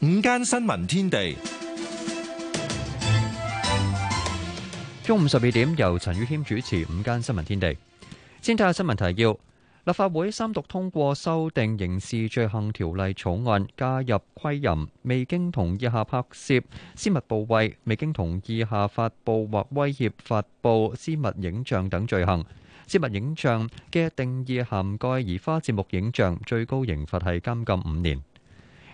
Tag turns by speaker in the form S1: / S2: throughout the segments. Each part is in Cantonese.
S1: 午間
S2: 新聞天地，中午十二點由陳宇謙主持。午間新聞天地，先睇下新聞提要。立法會三讀通過修訂刑事罪行條例草案，加入窺淫、未經同意下拍攝私密部位、未經同意下發布或威脅發布私密影像等罪行。私密影像嘅定義涵蓋移花接木影像，最高刑罰係監禁五年。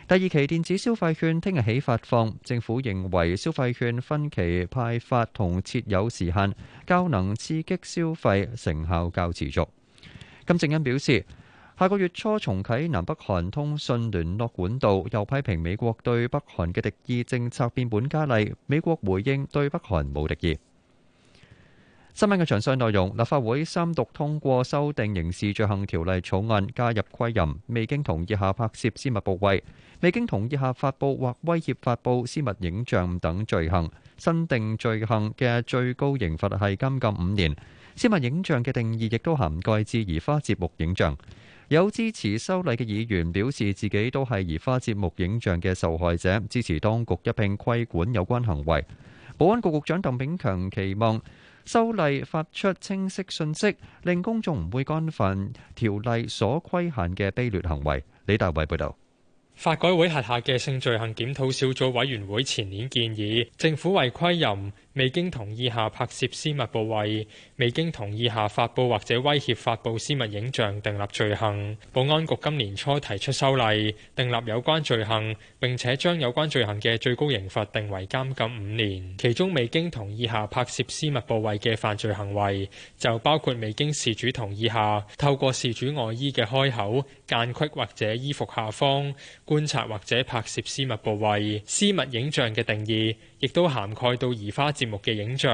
S2: 第二期電子消費券聽日起發放，政府認為消費券分期派發同設有時限，較能刺激消費，成效較持續。金正恩表示，下個月初重啟南北韓通訊聯絡管道，又批評美國對北韓嘅敵意政策變本加厲。美國回應對北韓冇敵意。新聞嘅詳細內容，立法會三讀通過修訂刑事罪行條例草案，加入規任未經同意下拍攝私密部位、未經同意下發布或威脅發布私密影像等罪行。新定罪行嘅最高刑罰係監禁五年。私密影像嘅定義亦都涵蓋至移花接木影像。有支持修例嘅議員表示，自己都係移花接木影像嘅受害者，支持當局一並規管有關行為。保安局局長鄧炳強期望，修例發出清晰訊息，令公眾唔會干犯條例所規限嘅卑劣行為。李大偉報導，
S1: 法改會轄下嘅性罪行檢討小組委員會前年建議，政府違規任。未經同意下拍攝私密部位，未經同意下發佈或者威脅發佈私密影像，訂立罪行。保安局今年初提出修例，訂立有關罪行，並且將有關罪行嘅最高刑罰定為監禁五年。其中，未經同意下拍攝私密部位嘅犯罪行為，就包括未經事主同意下，透過事主外衣嘅開口、間隙或者衣服下方觀察或者拍攝私密部位、私密影像嘅定義。亦都涵蓋到移花節目嘅影像。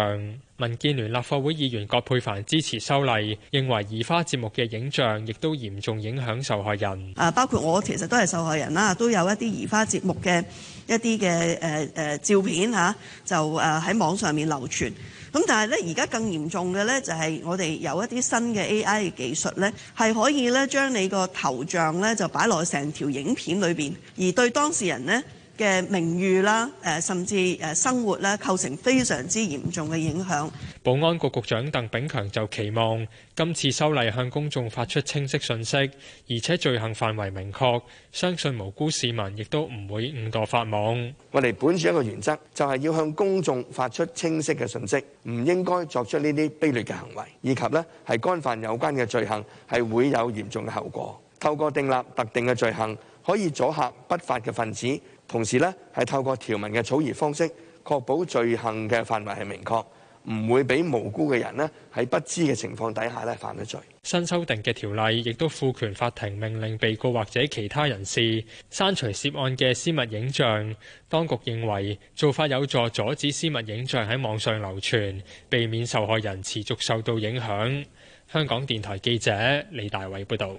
S1: 民建聯立法會議員葛珮帆支持修例，認為移花節目嘅影像亦都嚴重影響受害人。
S3: 啊，包括我其實都係受害人啦，都有一啲移花節目嘅一啲嘅誒誒照片吓，就誒喺網上面流傳。咁但係呢，而家更嚴重嘅呢，就係我哋有一啲新嘅 AI 技術呢，係可以呢將你個頭像呢就擺落成條影片裏邊，而對當事人呢，嘅名譽啦，誒甚至誒生活啦構成非常之嚴重嘅影響。
S1: 保安局局長鄧炳強就期望今次修例向公眾發出清晰信息，而且罪行範圍明確，相信無辜市民亦都唔會誤墮法網。我哋本住一個原則就係、是，要向公眾發出清晰嘅信息，唔應該作出呢啲卑劣嘅行為，以及咧，係干犯有關嘅罪行係會有嚴重嘅後果。透過訂立特定嘅罪行，可以阻嚇不法嘅分子。同時呢係透過條文嘅草擬方式，確保罪行嘅範圍係明確，唔會俾無辜嘅人咧喺不知嘅情況底下犯咗罪。新修訂嘅條例亦都賦權法庭命令被告或者其他人士刪除涉案嘅私密影像。當局認為做法有助阻止私密影像喺網上流傳，避免受害人持續受到影響。香港電台記者李大偉報導。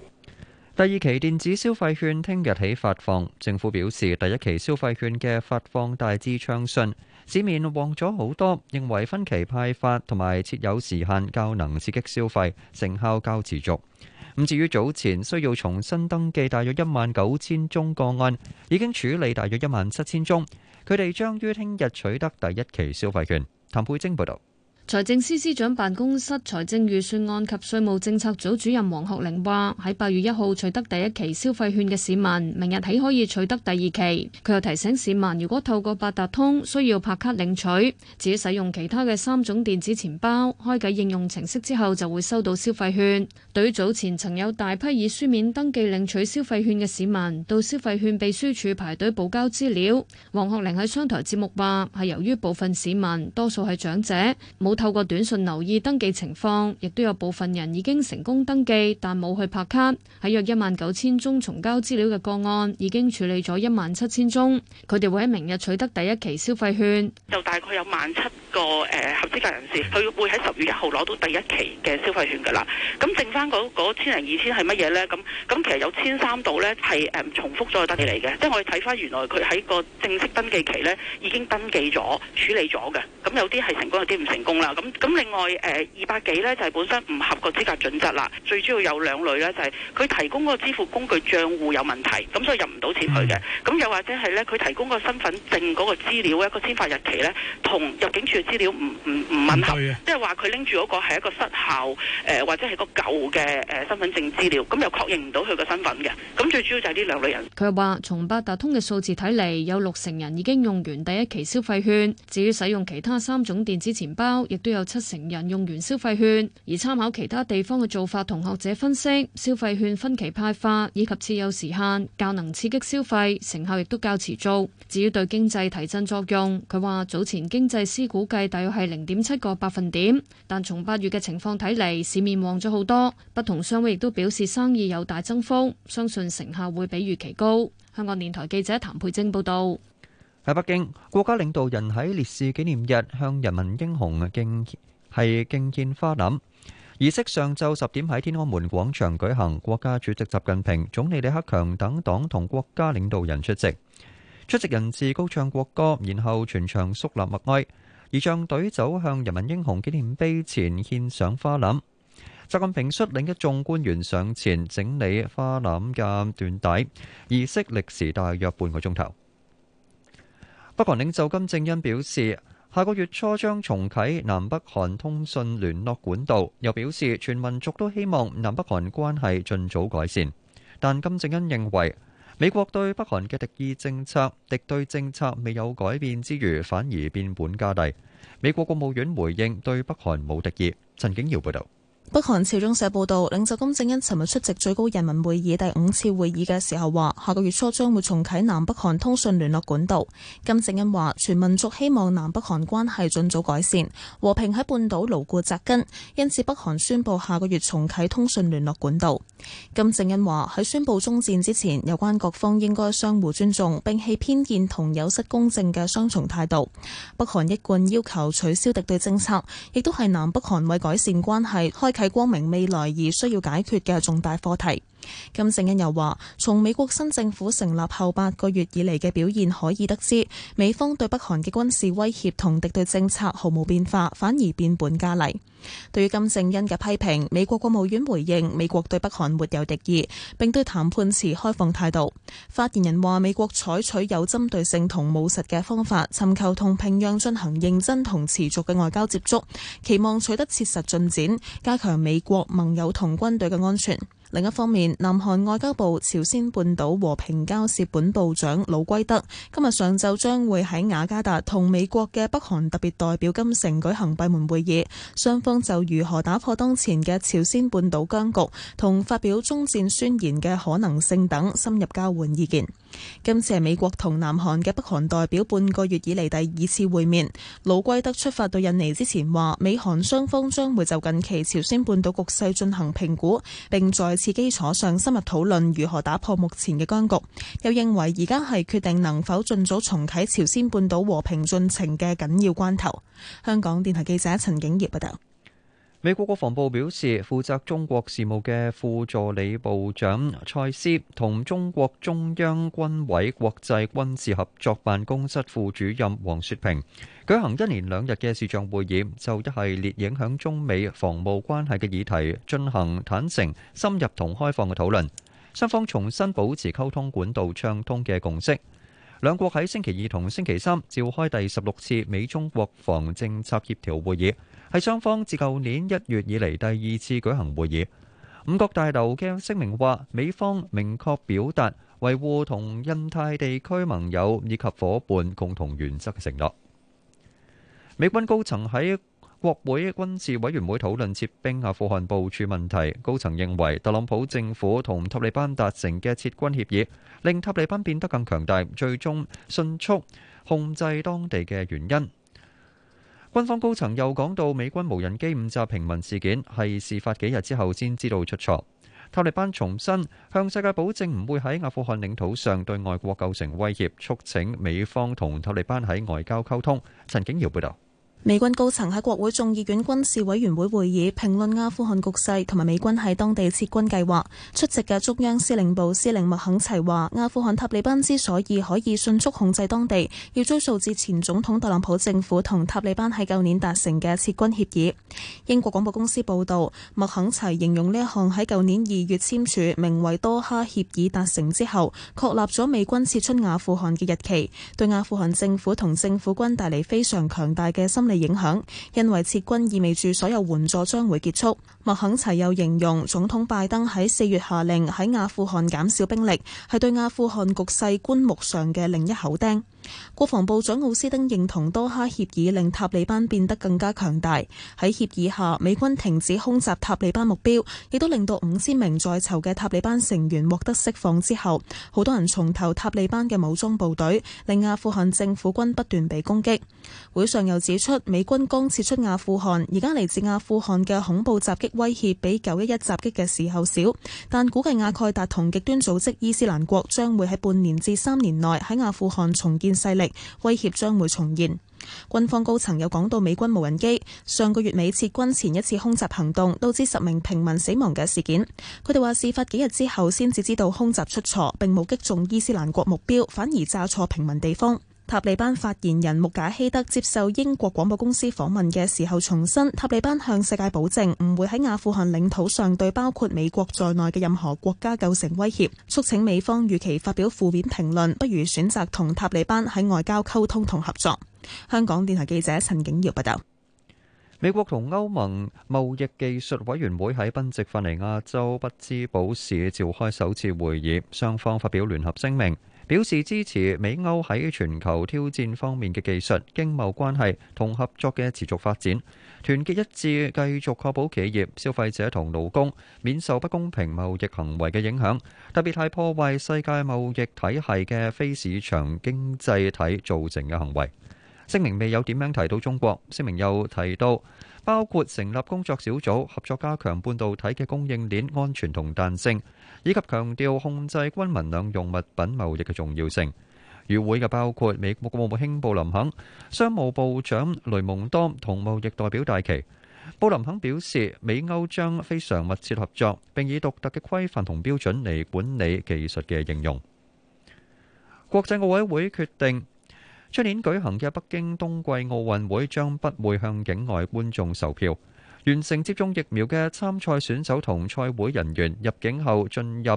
S2: 第二期電子消費券聽日起發放，政府表示第一期消費券嘅發放大致暢順，市面旺咗好多。認為分期派發同埋設有時限較能刺激消費，成效較持續。咁至於早前需要重新登記大約一萬九千宗個案，已經處理大約一萬七千宗，佢哋將於聽日取得第一期消費券。譚佩晶報道。
S4: 財政司司長辦公室財政預算案及稅務政策組主任黃學玲話：喺八月一號取得第一期消費券嘅市民，明日起可以取得第二期。佢又提醒市民，如果透過八達通需要拍卡領取，只使用其他嘅三種電子錢包開啟應用程式之後，就會收到消費券。對於早前曾有大批以書面登記領取消費券嘅市民，到消費券秘書處排隊補交資料，黃學玲喺商台節目話：係由於部分市民，多數係長者，冇。透過短信留意登記情況，亦都有部分人已經成功登記，但冇去拍卡。喺約一萬九千宗重交資料嘅個案，已經處理咗一萬七千宗。佢哋會喺明日取得第一期消費券。
S5: 就大概有萬七個誒合資格人士，佢會喺十月一號攞到第一期嘅消費券噶啦。咁剩翻嗰千零二千係乜嘢呢？咁咁其實有千三度呢係誒重複咗嘅登記嚟嘅，即係、就是、我哋睇翻原來佢喺個正式登
S6: 記期呢已經登記咗處理咗嘅。咁有啲係成功，有啲唔成功。咁咁另外誒二百幾咧，就係本身唔合個資格準則啦。最主要有兩類咧，就係佢提供
S5: 個支付工具賬戶有問題，咁所以入唔到錢去嘅。咁、嗯、又或者係咧，佢提供個身份證嗰個資料一、嗰個簽發日期咧，同入境處嘅資料唔唔唔吻合，即係話佢拎住嗰個係一個失效誒，或者係個舊嘅誒身份證資料，咁又確認唔到
S4: 佢個身份嘅。咁最主要就係呢兩類人。佢話：從八達通嘅數字睇嚟，有六成人已經用完第一期消費券。至於使用其他三種電子錢包，亦都有七成人用完消費券，而參考其他地方嘅做法，同學者分析消費券分期派發以及設有時限，較能刺激消費成效亦都較持續。至於對經濟提振作用，佢話早前經濟師估計大約係零點七個百分點，但從八月嘅情況睇嚟，市面旺咗好多，不同商會亦都表示生意有大增幅，相信成效會比預期高。香港電台記者譚佩貞報道。
S2: 喺北京，國家領導人喺烈士紀念日向人民英雄敬係敬獻花籃。儀式上晝十點喺天安門廣場舉行，國家主席習近平、總理李克強等黨同國家領導人出席。出席人士高唱國歌，然後全場肅立默哀。儀仗隊走向人民英雄紀念碑前獻上花籃。習近平率領一眾官員上前整理花籃嘅緞帶。儀式歷時大約半個鐘頭。北韓領袖金正恩表示，下個月初將重啟南北韓通訊聯絡管道，又表示全民族都希望南北韓關係盡早改善。但金正恩認為美國對北韓嘅敵意政策、敵對政策未有改變之餘，反而變本加厲。美國國務院回應對北韓冇敵意。陳景耀報道。
S3: 北韓朝中社報導，領袖金正恩尋日出席最高人民會議第五次會議嘅時候話，下個月初將會重啟南北韓通訊聯絡管道。金正恩話：全民族希望南北韓關係盡早改善，和平喺半島牢固扎根。因此北韓宣布下個月重啟通訊聯絡管道。金正恩話：喺宣布終戰之前，有關各方應該相互尊重，摒棄偏見同有失公正嘅雙重態度。北韓一貫要求取消敵對政策，亦都係南北韓為改善關係開。係光明未來而需要解決嘅重大課題。金正恩又話，從美國新政府成立後八個月以嚟嘅表現可以得知，美方對北韓嘅軍事威脅同敵對政策毫無變化，反而變本加厲。對於金正恩嘅批評，美國國務院回應，美國對北韓沒有敵意，並對談判持開放態度。發言人話，美國採取有針對性同務實嘅方法，尋求同平壤進行認真同持續嘅外交接觸，期望取得切實進展，加強美國盟友同軍隊嘅安全。另一方面，南韓外交部朝鮮半島和平交涉本部長魯圭德今日上晝將會喺雅加達同美國嘅北韓特別代表金城舉行閉門會議，雙方就如何打破當前嘅朝鮮半島僵局同發表終戰宣言嘅可能性等深入交換意見。今次係美國同南韓嘅北韓代表半個月以嚟第二次會面。魯圭德出發到印尼之前話，美韓雙方將會就近期朝鮮半島局勢進行評估，並在此基礎上深入討論如何打破目前嘅僵局。又認為而家係決定能否盡早重啟朝鮮半島和平進程嘅緊要關頭。香港電台記者陳景業報道。
S2: 美國國防部表示，負責中國事務嘅副助理部長蔡斯同中國中央軍委國際軍事合作辦公室副主任黃雪平舉行一連兩日嘅視像會議，就一系列影響中美防務關係嘅議題進行坦誠、深入同開放嘅討論。雙方重新保持溝通管道暢通嘅共識。兩國喺星期二同星期三召開第十六次美中國防政策協調會議。係雙方自舊年一月以嚟第二次舉行會議。五角大樓嘅聲明話，美方明確表達維護同印太地區盟友以及夥伴共同原則嘅承諾。美軍高層喺國會軍事委員會討論撤兵阿富汗部署問題，高層認為特朗普政府同塔利班達成嘅撤軍協議，令塔利班變得更強大，最終迅速控制當地嘅原因。軍方高層又講到，美軍無人機誤炸平民事件係事發幾日之後先知道出錯。塔利班重申，向世界保證唔會喺阿富汗領土上對外國構成威脅，促請美方同塔利班喺外交溝通。陳景堯報道。
S3: 美軍高層喺國會眾議院軍事委員會會議評論阿富汗局勢同埋美軍喺當地撤軍計劃。出席嘅中央司令部司令麥肯齊話：阿富汗塔利班之所以可以迅速控制當地，要追溯至前總統特朗普政府同塔利班喺舊年達成嘅撤軍協議。英國廣播公司報道，麥肯齊形容呢項喺舊年二月簽署名為多哈協議達成之後，確立咗美軍撤出阿富汗嘅日期，對阿富汗政府同政府軍帶嚟非常強大嘅心理。係影響，因為撤軍意味住所有援助將會結束。麥肯齊又形容，總統拜登喺四月下令喺阿富汗減少兵力，係對阿富汗局勢棺木上嘅另一口釘。國防部長奧斯汀認同多哈協議令塔利班變得更加強大。喺協議下，美軍停止空襲塔利班目標，亦都令到五千名在囚嘅塔利班成員獲得釋放之後，好多人重投塔利班嘅武裝部隊，令阿富汗政府軍不斷被攻擊。會上又指出，美軍剛撤出阿富汗，而家嚟自阿富汗嘅恐怖襲擊威脅比九一一襲擊嘅時候少，但估計阿蓋達同極端組織伊斯蘭國將會喺半年至三年內喺阿富汗重建。勢力威脅將會重現。軍方高層有講到美軍無人機上個月尾撤軍前一次空襲行動，導致十名平民死亡嘅事件。佢哋話事發幾日之後先至知道空襲出錯，並冇擊中伊斯蘭國目標，反而炸錯平民地方。塔利班發言人穆賈希德接受英國廣播公司訪問嘅時候，重申塔利班向世界保證唔會喺阿富汗領土上對包括美國在內嘅任何國家構成威脅，促請美方與其發表負面評論，不如選擇同塔利班喺外交溝通同合作。香港電台記者陳景瑤報道。
S2: 美國同歐盟貿易技術委員會喺賓夕法尼亞州匹茲堡市召開首次會議，雙方發表聯合聲明，表示支持美歐喺全球挑戰方面嘅技術經貿關係同合作嘅持續發展，團結一致，繼續確保企業、消費者同勞工免受不公平貿易行為嘅影響，特別係破壞世界貿易體系嘅非市場經濟體造成嘅行為。聲明未有點樣提到中國。聲明又提到包括成立工作小組，合作加強半導體嘅供應鏈安全同彈性，以及強調控制軍民兩用物品貿易嘅重要性。與會嘅包括美國國務卿布林肯、商務部長雷蒙多同貿易代表戴琪。布林肯表示，美歐將非常密切合作，並以獨特嘅規範同標準嚟管理技術嘅應用。國際奧委會決定，出年舉行嘅北京冬季奧運會將不會向境外觀眾售票。完成接種疫苗嘅參賽選手同賽會人員入境後進入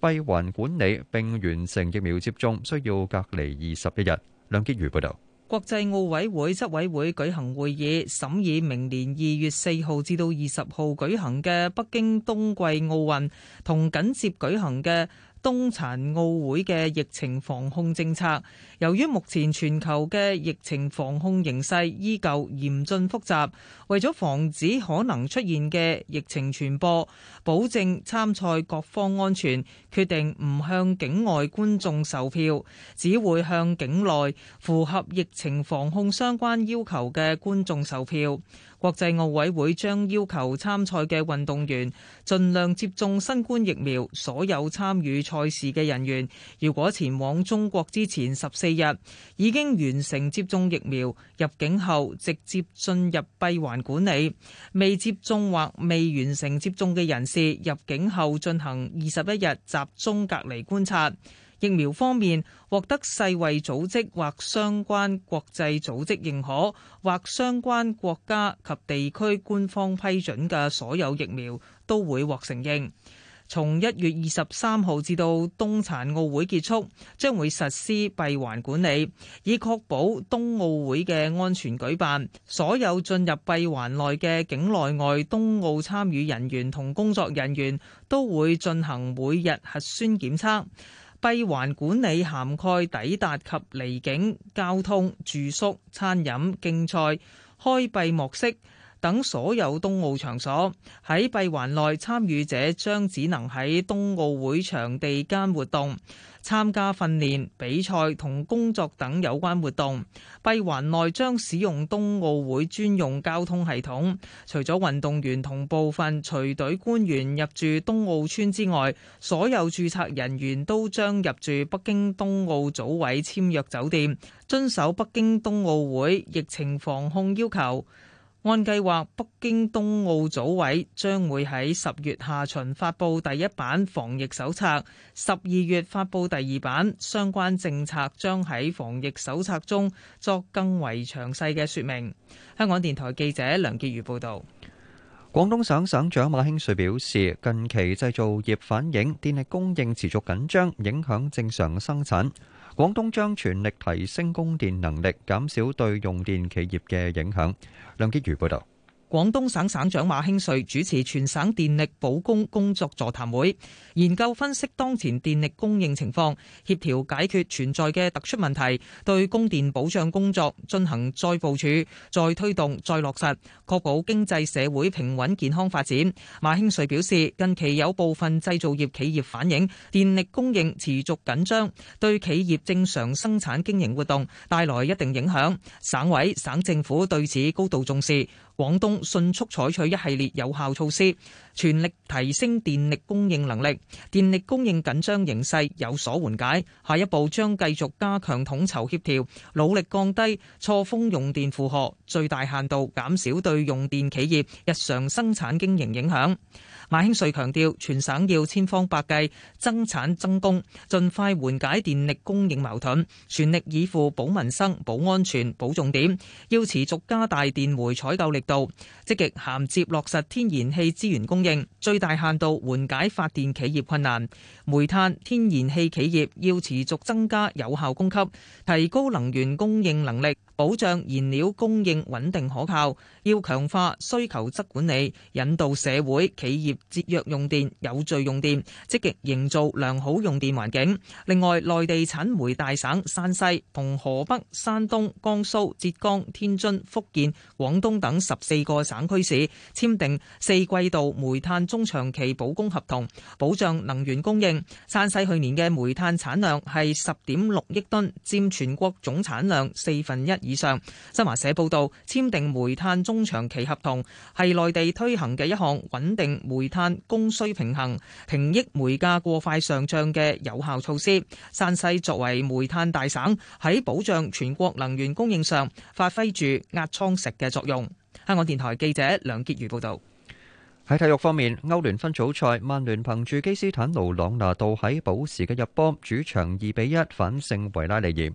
S2: 閉環管理，並完成疫苗接種，需要隔離二十一日。梁潔如報導。
S6: 國際奧委會執委會舉行會議，審議明年二月四號至到二十號舉行嘅北京冬季奧運同緊接舉行嘅。冬殘奧會嘅疫情防控政策，由於目前全球嘅疫情防控形勢依舊嚴峻複雜，為咗防止可能出現嘅疫情傳播，保證參賽各方安全，決定唔向境外觀眾售票，只會向境內符合疫情防控相關要求嘅觀眾售票。國際奧委會將要求參賽嘅運動員盡量接種新冠疫苗。所有參與賽事嘅人員，如果前往中國之前十四日已經完成接種疫苗，入境後直接進入閉環管理；未接種或未完成接種嘅人士，入境後進行二十一日集中隔離觀察。疫苗方面，獲得世衛組織或相關國際組織認可，或相關國家及地區官方批准嘅所有疫苗都會獲承認，從一月二十三號至到冬殘奧會結束，將會實施閉環管理，以確保冬奧會嘅安全舉辦。所有進入閉環內嘅境內外冬奧參與人員同工作人員都會進行每日核酸檢測。閉環管理涵蓋抵達及離境、交通、住宿、餐飲、競賽、開閉幕式。等所有冬奧場所喺閉環內，參與者將只能喺冬奧會場地間活動，參加訓練、比賽同工作等有關活動。閉環內將使用冬奧會專用交通系統。除咗運動員同部分隨隊官員入住冬奧村之外，所有注冊人員都將入住北京冬奧組委簽約酒店，遵守北京冬奧會疫情防控要求。按計劃，北京東奧組委將會喺十月下旬發布第一版防疫手冊，十二月發布第二版。相關政策將喺防疫手冊中作更為詳細嘅説明。香港電台記者梁潔如報導。
S2: 廣東省省長馬興瑞表示，近期製造業反映電力供應持續緊張，影響正常生產。廣東將全力提升供電能力，減少對用電企業嘅影響。梁潔如報道。
S6: 廣東省省長馬興瑞主持全省電力保供工作座談會，研究分析當前電力供應情況，協調解決存在嘅突出問題，對供電保障工作進行再部署、再推動、再落實，確保經濟社會平穩健康發展。馬興瑞表示，近期有部分製造業企業反映電力供應持續緊張，對企業正常生產經營活動帶來一定影響，省委省政府對此高度重視。廣東迅速採取一系列有效措施，全力提升電力供應能力，電力供應緊張形勢有所緩解。下一步將繼續加強統籌協調，努力降低錯峰用電負荷，最大限度減少對用電企業日常生產經營影響。馬興瑞強調，全省要千方百計增產增供，盡快緩解電力供應矛盾，全力以赴保民生、保安全、保重點。要持續加大電煤採購力度，積極銜接落實天然氣資源供應，最大限度緩解發電企業困難。煤炭、天然氣企業要持續增加有效供給，提高能源供應能力。保障燃料供應穩定可靠，要強化需求側管理，引導社會企業節約用電、有序用電，積極營造良好用電環境。另外，內地產煤大省山西同河北、山東、江蘇、浙江、天津、福建、廣東等十四個省區市簽訂四季度煤炭中長期保供合同，保障能源供應。山西去年嘅煤炭產量係十點六億噸，佔全國總產量四分一。以上，新華社報道簽訂煤炭中長期合同係內地推行嘅一項穩定煤炭供需平衡、平抑煤價過快上漲嘅有效措施。山西作為煤炭大省，喺保障全國能源供應上發揮住壓倉石嘅作用。香港電台記者梁潔如報導。
S2: 喺體育方面，歐聯分組賽，曼聯憑住基斯坦奴朗拿度喺補時嘅入波，主場2比1反勝維拉利爾。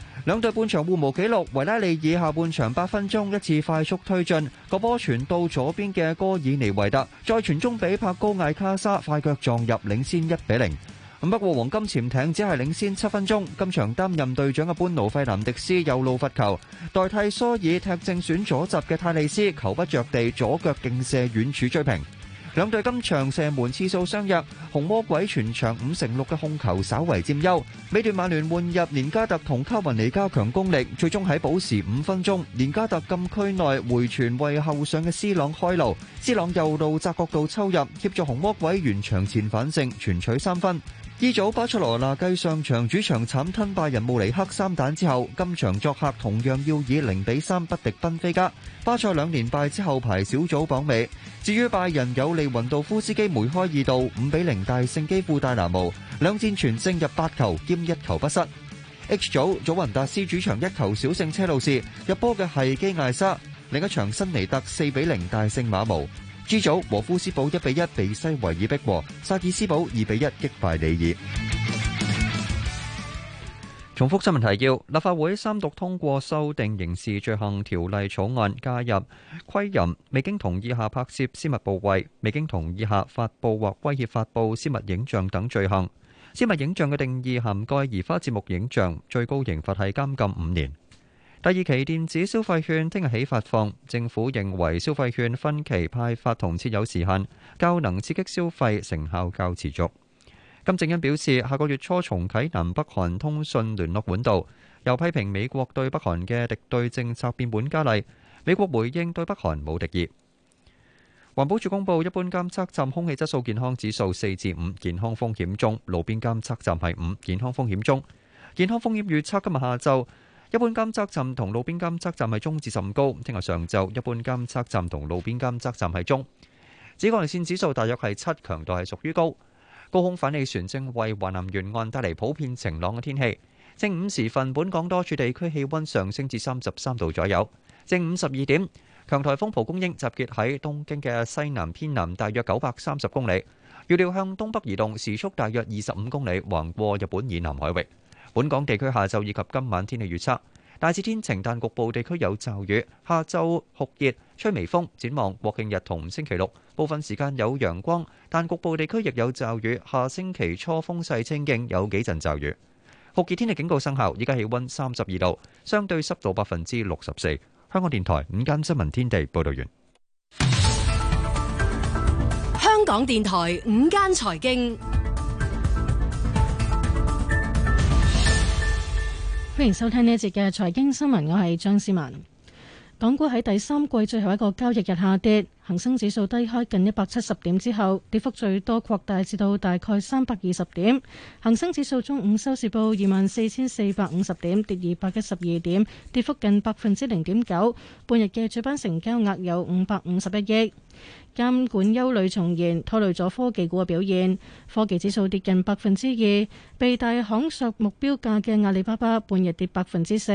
S2: 兩隊半場互無紀錄，維拉利爾下半場八分鐘一次快速推進，個波傳到左邊嘅哥爾尼維特，再傳中俾帕高艾卡沙，快腳撞入，領先一比零。不過黃金潛艇只係領先七分鐘，今場擔任隊長嘅班奴費南迪斯右路罰球，代替蘇爾踢正選左閘嘅泰利斯球不着地，左腳勁射遠柱追平。兩隊今場射門次數相若，紅魔鬼全場五成六嘅控球稍為佔優。尾段曼聯換入連加特同卡雲尼加強攻力，最終喺補時五分鐘，連加特禁區內回傳為後上嘅斯朗開路，斯朗右路窄角度抽入協助紅魔鬼完場前反勝，全取三分。E 組巴塞羅那繼上場主場慘吞拜仁慕尼黑三蛋之後，今場作客同樣要以零比三不敵賓菲加。巴塞兩連敗之後排小組榜尾。至於拜仁有利雲道夫斯基梅開二度，五比零大勝基輔戴拿模，兩戰全勝，入八球兼一球不失。H 組祖雲達斯主場一球小勝車路士，入波嘅係基艾沙。另一場辛尼特四比零大勝馬模。G 組和夫斯堡一比一被西維爾逼和，薩爾斯堡二比一擊敗里爾。重複新聞提要：立法會三讀通過修訂刑事罪行條例草案，加入窺淫、未經同意下拍攝私密部位、未經同意下發布或威脅發布私密影像等罪行。私密影像嘅定義涵蓋移花節目影像，最高刑罰係監禁五年。第二期電子消費券聽日起發放，政府認為消費券分期派發同設有時限，較能刺激消費，成效較持續。金正恩表示，下個月初重啟南北韓通訊聯絡管道，又批評美國對北韓嘅敵對政策變本加厲。美國回應對北韓冇敵意。環保署公布一般監測站空氣質素健康指數四至五，健康風險中；路邊監測站係五，健康風險中。健康風險預測今日下晝。一般監測站同路邊監測站係中至甚高。聽日上晝一般監測站同路邊監測站係中。紫外線指數大約係七，強度係屬於高。高空反氣旋正為華南沿岸帶嚟普遍晴朗嘅天氣。正午時分，本港多處地區氣溫上升至三十三度左右。正午十二點，強颱風蒲公英集結喺東京嘅西南偏南大約九百三十公里，預料向東北移動，時速大約二十五公里，橫過日本以南海域。本港地區下晝以及今晚天氣預測，大致天晴，但局部地區有驟雨。下晝酷熱，吹微風。展望國慶日同星期六，部分時間有陽光，但局部地區亦有驟雨。下星期初風勢清勁，有幾陣驟雨。酷熱天氣警告生效。而家氣溫三十二度，相對濕度百分之六十四。香港電台午間新聞天地報道完。
S4: 香港電台午間財經。
S7: 歡迎收聽呢一節嘅財經新聞，我係張思文。港股喺第三季最後一個交易日下跌，恒生指數低開近一百七十點之後，跌幅最多擴大至到大概三百二十點。恒生指數中午收市報二萬四千四百五十點，跌二百一十二點，跌幅近百分之零點九。半日嘅主板成交額有五百五十一億。監管憂慮重現，拖累咗科技股嘅表現。科技指數跌近百分之二，被大行索目標價嘅阿里巴巴半日跌百分之四。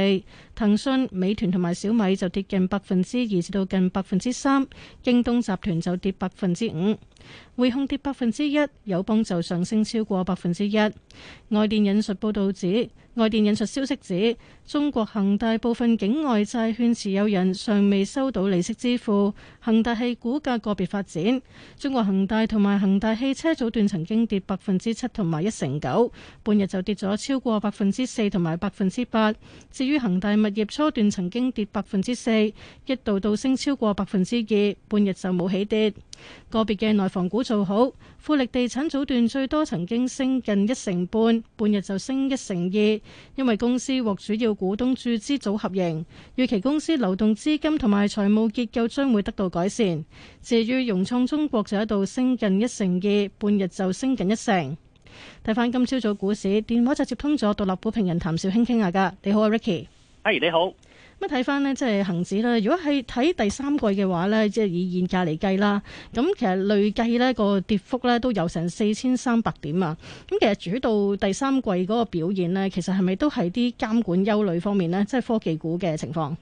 S7: 騰訊、美團同埋小米就跌近百分之二至到近百分之三。京東集團就跌百分之五，匯控跌百分之一，友邦就上升超過百分之一。外電引述報道指，外電引述消息指，中國恒大部分境外債券持有人尚未收到利息支付。恒大系股價個別發展，中國恒大同埋恒大汽車早段曾經跌百分之七同埋一成九，半日就跌咗超過百分之四同埋百分之八。至於恒大物業初段曾經跌百分之四，一度倒升超過百分之二，半日就冇起跌。個別嘅內房股做好，富力地產早段最多曾經升近一成半，半日就升一成二，因為公司獲主要股東注資組合型，預期公司流動資金同埋財務結構將會得到。改善。至於融創中國就喺度升近一成二，半日就升近一成。睇翻今朝早股市，電話就接通咗獨立股評人譚少卿傾下噶。你好啊，Ricky。哎、
S5: hey，你好。咁
S7: 睇翻呢，即係恒指咧。如果係睇第三季嘅話呢，即係以現價嚟計啦。咁其實累計呢個跌幅呢，都有成四千三百點啊。咁其實主導第三季嗰個表現呢，其實係咪都係啲監管憂慮方面呢？即係科技股嘅情況？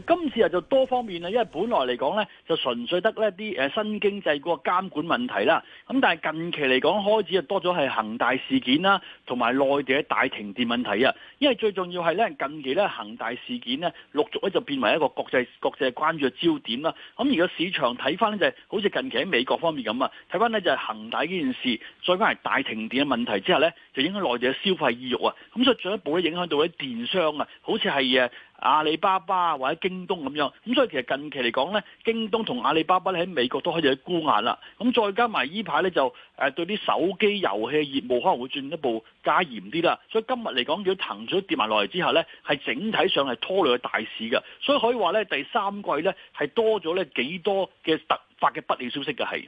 S8: 今次啊，就多方面啊，因為本來嚟講咧，就純粹得一啲誒新經濟嗰個監管問題啦。咁但係近期嚟講，開始啊多咗係恒大事件啦，同埋內地嘅大停電問題啊。因為最重要係咧，近期咧恒大事件咧陸續咧就變為一個國際國際關注嘅焦點啦。咁而個市場睇翻咧就係、是、好似近期喺美國方面咁啊，睇翻咧就係恒大呢件事，再翻嚟大停電嘅問題之下咧，就影響內地嘅消費意欲啊。咁所以進一步咧影響到咧電商啊，好似係誒，阿里巴巴或者京東咁樣，咁所以其實近期嚟講咧，京東同阿里巴巴咧喺美國都可以喺沽壓啦。咁再加埋依排咧就誒對啲手機遊戲業務可能會進一步加嚴啲啦。所以今日嚟講，如果騰訊跌埋落嚟之後咧，係整體上係拖累個大市嘅，所以可以話咧第三季咧係多咗咧幾多嘅突發嘅不利消息嘅係。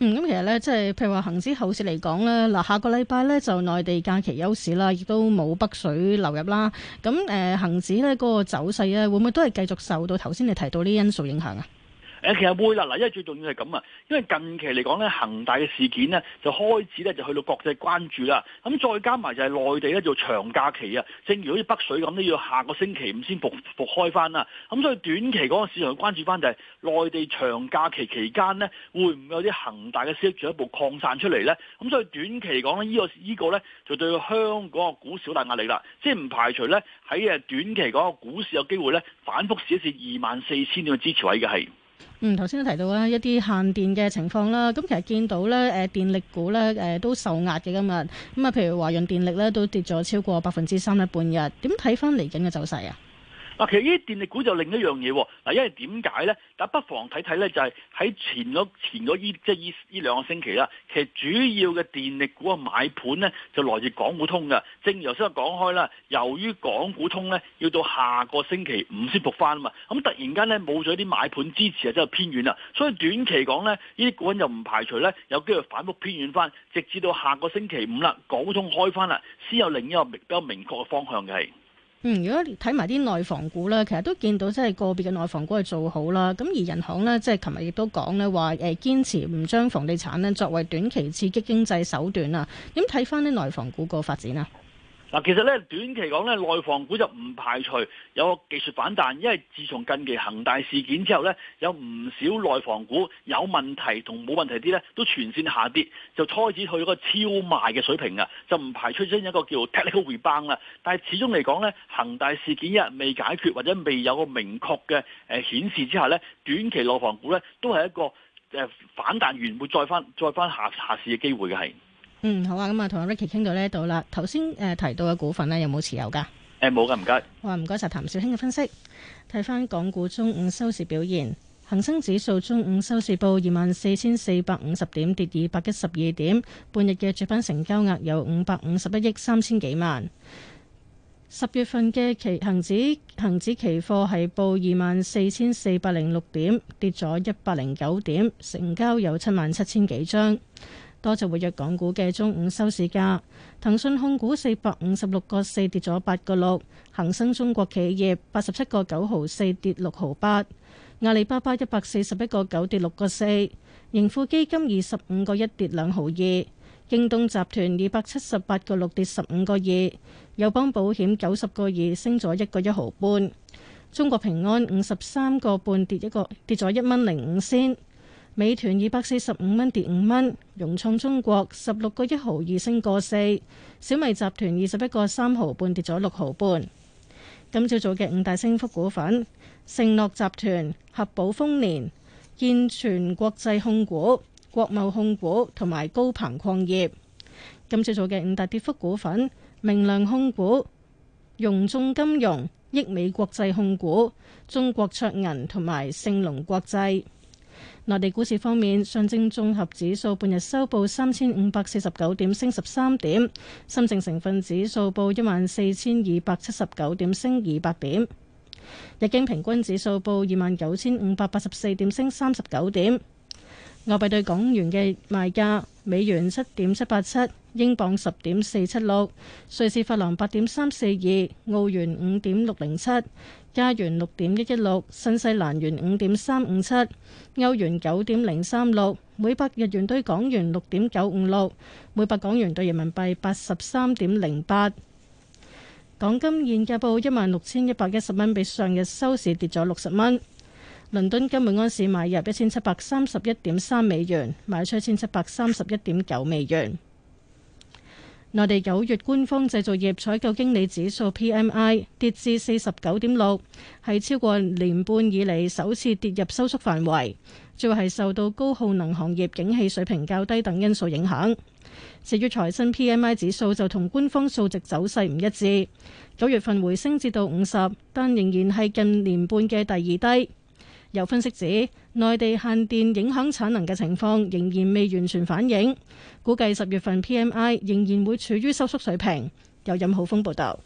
S7: 嗯，咁其實咧，即係譬如話恆指後市嚟講咧，嗱下個禮拜咧就內地假期休市啦，亦都冇北水流入啦。咁誒、呃、恆指咧嗰個走勢咧，會唔會都係繼續受到頭先你提到啲因素影響啊？
S8: 誒，其實會啦，嗱，因為最重要係咁啊，因為近期嚟講咧，恒大嘅事件咧就開始咧就去到國際關注啦。咁再加埋就係內地咧做長假期啊，正如好似北水咁都要下個星期五先復復開翻啦。咁所以短期嗰個市場關注翻就係內地長假期期間咧，會唔會有啲恒大嘅消息進一步擴散出嚟咧？咁所以短期嚟講咧，呢個呢個咧就對香港個股市有大壓力啦。即係唔排除咧喺誒短期嗰個股市有機會咧反覆試一試二萬四千點嘅支持位嘅係。
S7: 嗯，頭先都提到啦，一啲限電嘅情況啦，咁其實見到咧，誒電力股咧，誒都受壓嘅今日，咁啊，譬如華潤電力咧都跌咗超過百分之三咧，半日，點睇翻嚟緊嘅走勢啊？
S8: 嗱，其實呢啲電力股就另一樣嘢喎。嗱，因為點解呢？大家不妨睇睇呢，就係喺前嗰前嗰呢，即係呢呢兩個星期啦。其實主要嘅電力股嘅買盤呢，就來自港股通㗎。正如頭先講開啦，由於港股通呢要到下個星期五先復翻啊嘛。咁突然間呢冇咗啲買盤支持啊，真係偏軟啦。所以短期講呢，呢啲股就唔排除呢有機會反覆偏軟翻，直至到下個星期五啦，港股通開翻啦，先有另一個比較明確嘅方向嘅係。
S7: 嗯，如果睇埋啲內房股啦，其實都見到即係個別嘅內房股係做好啦。咁而人行呢，即係琴日亦都講呢話，誒堅持唔將房地產作為短期刺激經濟手段啊。點睇翻啲內房股個發展啊？
S8: 嗱，其實咧短期講咧，內房股就唔排除有個技術反彈，因為自從近期恒大事件之後咧，有唔少內房股有問題同冇問題啲咧都全線下跌，就開始去咗個超賣嘅水平嘅，就唔排除真一個叫 technical 嘅 rebound 啦。但係始終嚟講咧，恒大事件一日未解決或者未有個明確嘅誒顯示之下咧，短期內房股咧都係一個誒反彈完會再翻再翻下下市嘅機會嘅係。
S7: 嗯，好啊，咁啊，同阿 Ricky 傾到呢一度啦。頭先誒提到嘅股份呢，有冇持有噶？誒，冇噶，唔該。哇，唔該晒譚小卿嘅分析。睇翻港股中午收市表現，恒生指數中午收市報二萬四千四百五十點，跌二百一十二點。半日嘅主板成交額有五百五十一億三千幾萬。十月份嘅期恒指恒指期貨係報二萬四千四百零六點，跌咗一百零九點，成交有七萬七千幾張。多隻活躍港股嘅中午收市價，騰訊控股四百五十六個四跌咗八個六，恒生中國企業八十七個九毫四跌六毫八，阿里巴巴一百四十一個九跌六個四，盈富基金二十五個一跌兩毫二，京東集團二百七十八個六跌十五個二，友邦保險九十個二升咗一個一毫半，中國平安五十三個半跌一個跌咗一蚊零五仙。美團二百四十五蚊跌五蚊，融創中國十六個一毫二升個四，小米集團二十一個三毫半跌咗六毫半。今朝早嘅五大升幅股份：聖諾集團、合寶豐年、建全國際控股、國貿控股同埋高鵬礦業。今朝早嘅五大跌幅股份：明亮控股、融眾金融、益美國際控股、中國卓銀同埋盛隆國際。內地股市方面，上證綜合指數半日收報三千五百四十九點，升十三點；深證成分指數報一萬四千二百七十九點，升二百點；日經平均指數報二萬九千五百八十四點，升三十九點。外幣對港元嘅賣價：美元七點七八七，英鎊十點四七六，瑞士法郎八點三四二，澳元五點六零七，加元六點一一六，新西蘭元五點三五七，歐元九點零三六，每百日元對港元六點九五六，每百港元對人民幣八十三點零八。港金現價報一萬六千一百一十蚊，比上日收市跌咗六十蚊。倫敦金每安士買入一千七百三十一點三美元，賣出一千七百三十一點九美元。內地九月官方製造業採購經理指數 P M I 跌至四十九點六，係超過年半以嚟首次跌入收縮範圍。主要係受到高耗能行業景氣水平較低等因素影響。至於財新 P M I 指數就同官方數值走勢唔一致，九月份回升至到五十，但仍然係近年半嘅第二低。有分析指，內地限電影響產能嘅情況仍然未完全反映，估計十月份 PMI 仍然會處於收縮水平。有任浩峰報導。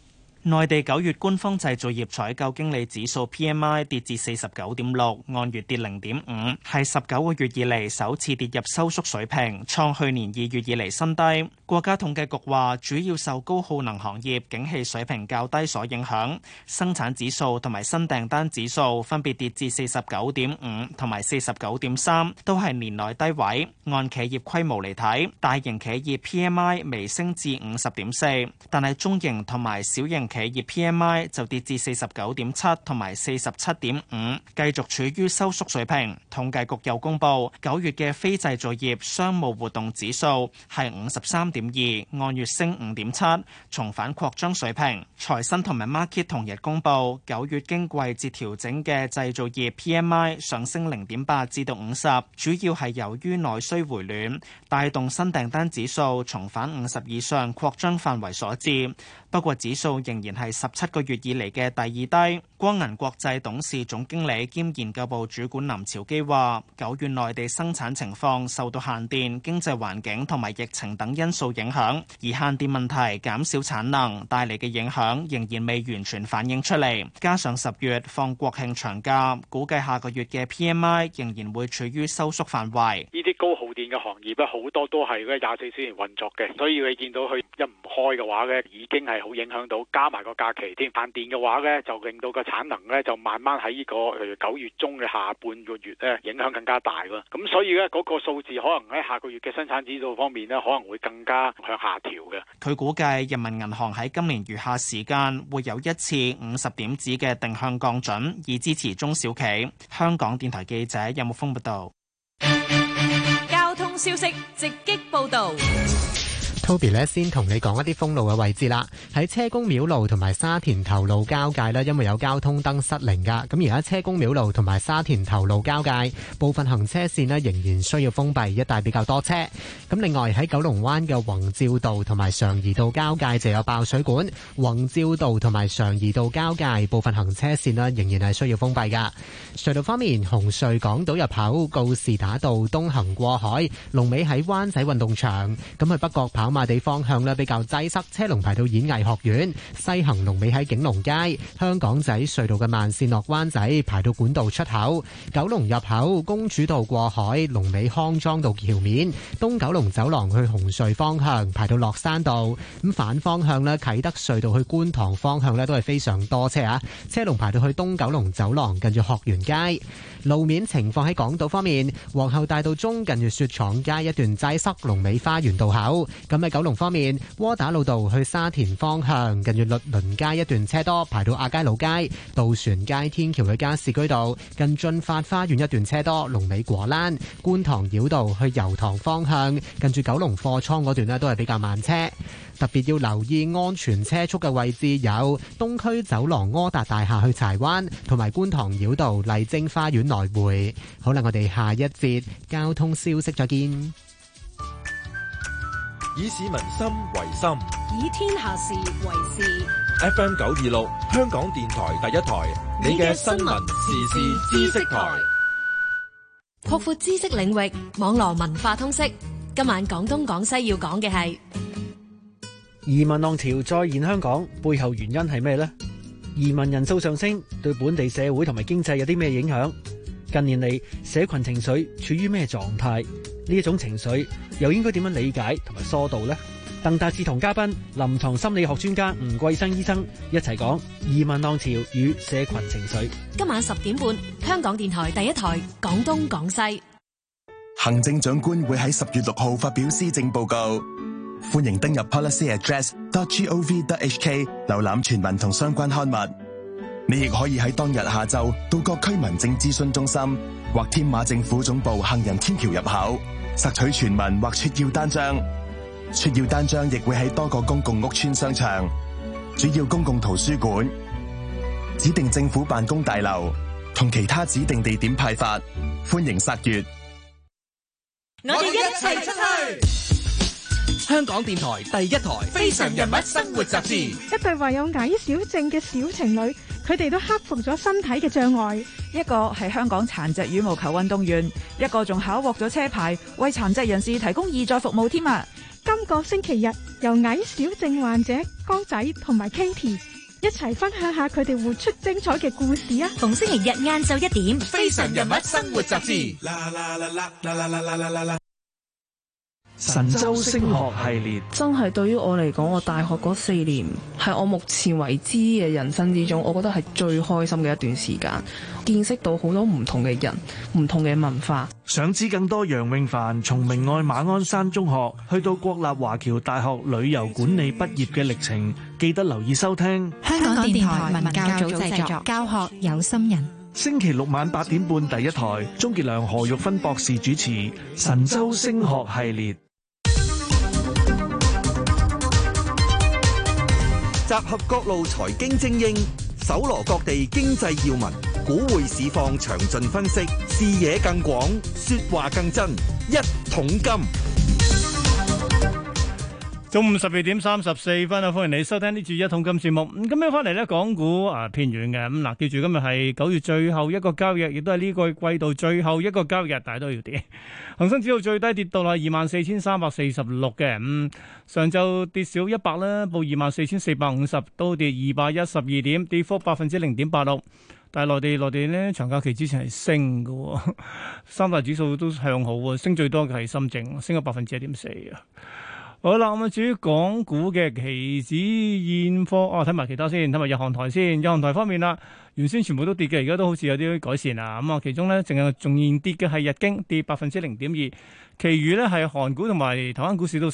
S5: 內地九月官方製造業採購經理指數 PMI 跌至49.6，按月跌0.5，係十九個月以嚟首次跌入收縮水平，創去年二月以嚟新低。國家統計局話，主要受高耗能行業景氣水平較低所影響，生產指數同埋新訂單指數分別跌至49.5同埋49.3，都係年內低位。按企業規模嚟睇，大型企業 PMI 微升至50.4，但係中型同埋小型企業 PMI 就跌至四十九點七，同埋四十七點五，繼續處於收縮水平。統計局又公布九月嘅非製造業商務活動指數係五十三點二，按月升五點七，重返擴張水平。財新同埋 Markit 同日公布九月經季節調整嘅製造業 PMI 上升零點八至到五十，主要係由於內需回暖，帶動新訂單指數重返五十以上擴張範圍所致。不過，指數仍然係十七個月以嚟嘅第二低。光銀國際董事總經理兼研究部主管林朝基話，九月內地生產情況受到限電、經濟環境同埋疫情等因素影響，而限電問題減少產能帶嚟嘅影響仍然未完全反映出嚟。加上十月放國慶長假，估計下個月嘅 PMI 仍然會處於收縮範圍。
S1: 嘅行業咧，好多都係廿四小時運作嘅，所以你見到佢一唔開嘅話咧，已經係好影響到，加埋個假期添。斷電嘅話咧，就令到個產能咧就慢慢喺呢個九月中嘅下半個月咧，影響更加大咯。咁所以咧，嗰個數字可能喺下個月嘅生產指數方面咧，可能會更加向下調嘅。
S5: 佢估計人民銀行喺今年餘下時間會有一次五十點子嘅定向降準，以支持中小企。香港電
S9: 台記者任木峰報道。
S4: 消息直擊報導。
S9: Toby 咧，先同你講一啲封路嘅位置啦，喺車公廟路同埋沙田頭路交界咧，因為有交通燈失靈噶，咁而家車公廟路同埋沙田頭路交界部分行車線咧仍然需要封閉，一帶比較多車。咁另外喺九龍灣嘅宏照道同埋常怡道交界就有爆水管，宏照道同埋常怡道交界部分行車線咧仍然係需要封閉噶。隧道方面，紅隧港島入口告士打道東行過海，龍尾喺灣仔運動場。咁去北角跑馬地方向呢，比較擠塞，車龍排到演藝學院；西行龍尾喺景龍街，香港仔隧道嘅慢線落灣仔，排到管道出口；九龍入口公主道過海，龍尾康莊道橋面；東九龍走廊去紅隧方向，排到落山道。咁反方向呢，啟德隧道去觀塘方向呢，都係非常多車啊！車龍排到去東九龍走廊，近住鶴園街。路面情況喺港島方面，皇后大道中近住雪廠街一段擠塞，龍尾花園道口。咁喺九龍方面，窩打老道去沙田方向，近住律倫街一段車多，排到亞皆老街，渡船街天橋去加士居道，近駿發花園一段車多，龍尾果欄、觀塘繞道去油塘方向，近住九龍貨倉嗰段都係比較慢車，特別要留意安全車速嘅位置有東區走廊柯達大廈去柴灣，同埋觀塘繞道麗晶花園來回。好啦，我哋下一節交通消息再見。
S8: 以市民心為心，
S3: 以天下事為事。
S8: FM 九二六，香港電台第一台，你嘅新聞、時事、知識台，
S4: 擴闊知識領域，網絡文化通識。今晚廣東、廣西要講嘅係
S8: 移民浪潮再現香港，背後原因係咩呢？移民人數上升，對本地社會同埋經濟有啲咩影響？近年嚟，社群情緒處於咩狀態？呢種情緒又應該點樣理解同埋疏導呢？鄧達志同嘉賓臨床心理學專家吳貴生醫生一齊講移民浪潮與社群情緒。
S4: 今晚十點半，香港電台第一台廣東廣西。
S8: 行政長官會喺十月六號發表施政報告，歡迎登入 policyaddress.gov.hk 瀏覽全文同相關刊物。你亦可以喺當日下晝到各區民政諮詢中心或天馬政府總部行人天橋入口。索取全文或撮要單張，撮要單張亦會喺多個公共屋邨、商場、主要公共圖書館、指定政府辦公大樓同其他指定地點派發，歡迎索閱。
S7: 我哋一齊出去。
S8: 香港電台第一台《非常人物生活雜誌》，
S7: 一對患有矮小
S3: 症嘅小情侶，佢哋都克服咗身體嘅障礙。一個係香港殘疾羽毛球運動員，一個仲考獲咗車牌，為殘疾人士提供義載服務添啊！
S7: 今個星期日由矮小症患者江仔同埋 Kitty 一齊分享下佢哋活出精彩嘅故事啊！逢
S9: 星期日晏晝一點，《非常
S8: 人物生活雜誌》。神州升學系列
S6: 真係對於我嚟講，我大學嗰四年係我目前為止嘅人生之中，我覺得係最開心嘅一段時間，見識到好多唔同嘅人、唔同嘅文化。
S8: 想知更多楊永凡從明愛馬鞍山中學去到國立華僑大學旅遊管理畢業嘅歷程，記得留意收聽
S5: 香港電台文教組製作《教學有心人》。
S8: 星期六晚八點半，第一台，鍾傑良、何玉芬博士主持《神州升學系列》，集合各路財經精英，搜羅各地經濟要聞，股匯市況詳盡分析，
S5: 視野更廣，說話更真，一桶金。中午十二點三十四分啊，歡迎你收聽呢次一桶金節目。咁今日翻嚟呢，港股啊偏軟嘅。咁嗱、嗯，記住今日係九月最後一個交易，亦都係呢個季度最後一個交易日，大家都要跌。恒生指數最低跌到啦二萬四千三百四十六嘅。上晝跌少一百啦，報二萬四千四百五十，都跌二百一十二點，跌幅百分之零點八六。但係內地內地呢長假期之前係升嘅，三大指數都向好，升最多嘅係深證，升咗百分之一點四啊。好啦，咁啊，至於港股嘅期指現貨，哦、啊，睇埋其他先，睇埋日韓台先。日韓台方面啦，原先全部都跌嘅，而家都好似有啲改善啦。咁啊，其中咧，淨係仲然跌嘅係日經跌，跌百分之零點二，其餘咧係韓股同埋台灣股市都。